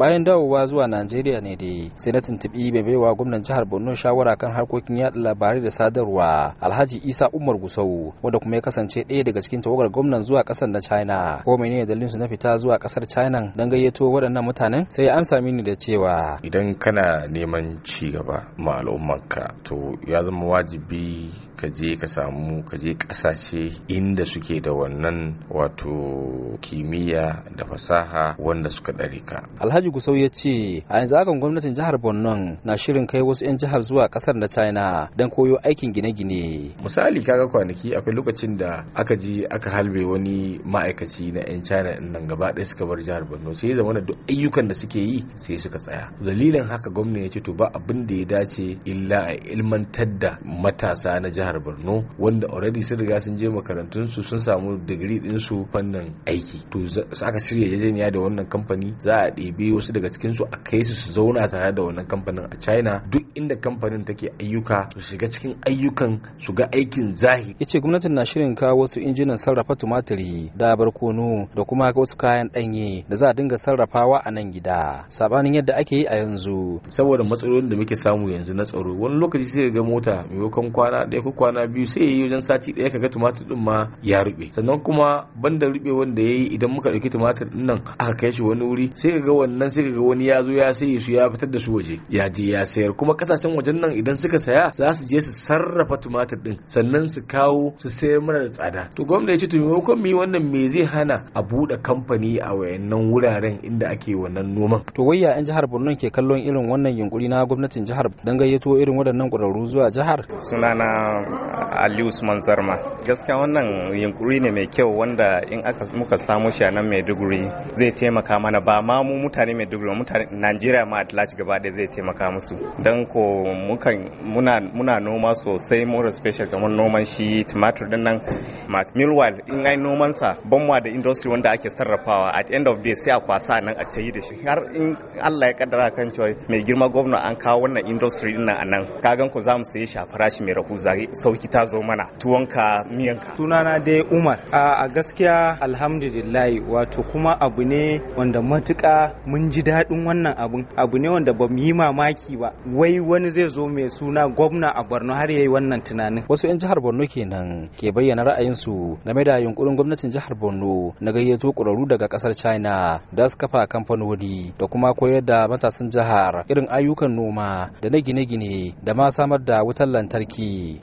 bayan dawowa zuwa najeriya ne dai sai na tuntuɓi bai baiwa gwamnan jihar borno shawara kan harkokin yaɗa labarai da sadarwa alhaji isa umar gusau wanda kuma ya kasance ɗaya daga cikin tawagar gwamnan zuwa ƙasar na china ko menene su na fita zuwa ƙasar china don gayyato waɗannan mutanen sai ya amsa mini da cewa idan kana neman ci gaba ma al'ummarka to ya zama wajibi ka je ka samu ka je ƙasashe inda suke da wannan wato kimiyya da fasaha wanda suka ɗare ka alhaji Aminu Gusau ya ce a yanzu hakan gwamnatin jihar Borno na shirin kai wasu 'yan jihar zuwa kasar na China don koyo aikin gine-gine. Misali kaga kwanaki akwai lokacin da aka ji aka halbe wani ma'aikaci na 'yan China nan gaba ɗaya suka bar jihar Borno sai zama na duk ayyukan da suke yi sai suka tsaya. Dalilin haka gwamnati ya ce to ba abin da ya dace illa a ilmantar da matasa na jihar Borno wanda already sun riga sun je makarantun su sun samu digiri ɗinsu fannin aiki. To aka shirya yajeniya da wannan kamfani za a ɗebe wasu daga cikin su a kai su su zauna tare da wannan kamfanin a China duk inda kamfanin take ayyuka su shiga cikin ayyukan su ga aikin zahiri yace gwamnatin na shirin kawo wasu injinan sarrafa tumatiri da barkono da kuma wasu kayan danye da za a dinga sarrafawa a nan gida sabanin yadda ake yi a yanzu saboda matsalolin da muke samu yanzu na tsaro wani lokaci sai ga mota maimakon kwana ɗaya ko kwana biyu sai ya yi wajen sati ɗaya kaga tumatir ɗin ma ya ruɓe sannan kuma banda rube wanda ya yi idan muka ɗauki tumatir ɗin nan aka kai shi wani wuri sai ga wannan sannan sai ga wani ya zo ya sayi su ya fitar da su waje ya je ya sayar kuma kasashen wajen nan idan suka saya za su je su sarrafa tumatir din sannan su kawo su sayar mana da tsada to gwamnati ce to maimakon mi wannan me zai hana a buɗe kamfani a wayannan wuraren inda ake wannan noman to wayya yan jihar Borno ke kallon irin wannan yunkuri na gwamnatin jihar dan gayyato irin waɗannan ƙwararru zuwa jihar sunana Ali Usman Zarma. Gaskiya wannan yunkuri ne mai kyau wanda in aka muka samu shi a nan Maiduguri zai taimaka mana ba ma mu mutane Maiduguri mutane Najeriya ma at large gaba ɗaya zai taimaka musu. Dan ko mukan muna muna noma sosai more special kamar noman shi tumatur din nan. Meanwhile in ai noman sa ban da industry wanda ake sarrafawa at end of day sai a kwasa nan a tayi da shi har in Allah ya kaddara kan cewa mai girma gwamna an kawo wannan industry din nan a nan kagan ku za mu sayi shi a farashi mai rahusa sauki ta zo mana tuwonka miyanka sunana dai umar a gaskiya alhamdulillahi wato kuma abu ne wanda matuka mun ji daɗin wannan abun abu ne wanda ba mu yi mamaki ba wai wani zai zo mai suna gwamna a borno har yayi wannan tunanin wasu 'yan jihar borno kenan ke bayyana ra'ayinsu game da yunkurin gwamnatin jihar borno na gayyato ƙwararru daga ƙasar china da su kafa kamfanoni da kuma koyar da matasan jihar irin ayyukan noma da na gine-gine da ma samar da wutar lantarki